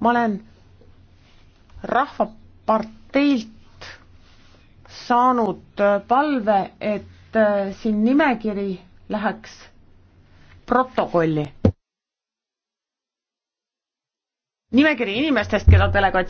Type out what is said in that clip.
ma olen Rahvaparteilt saanud palve, et äh, siin nimekiri läheks protokolli. nimekiri inimestest, keda delegatsioon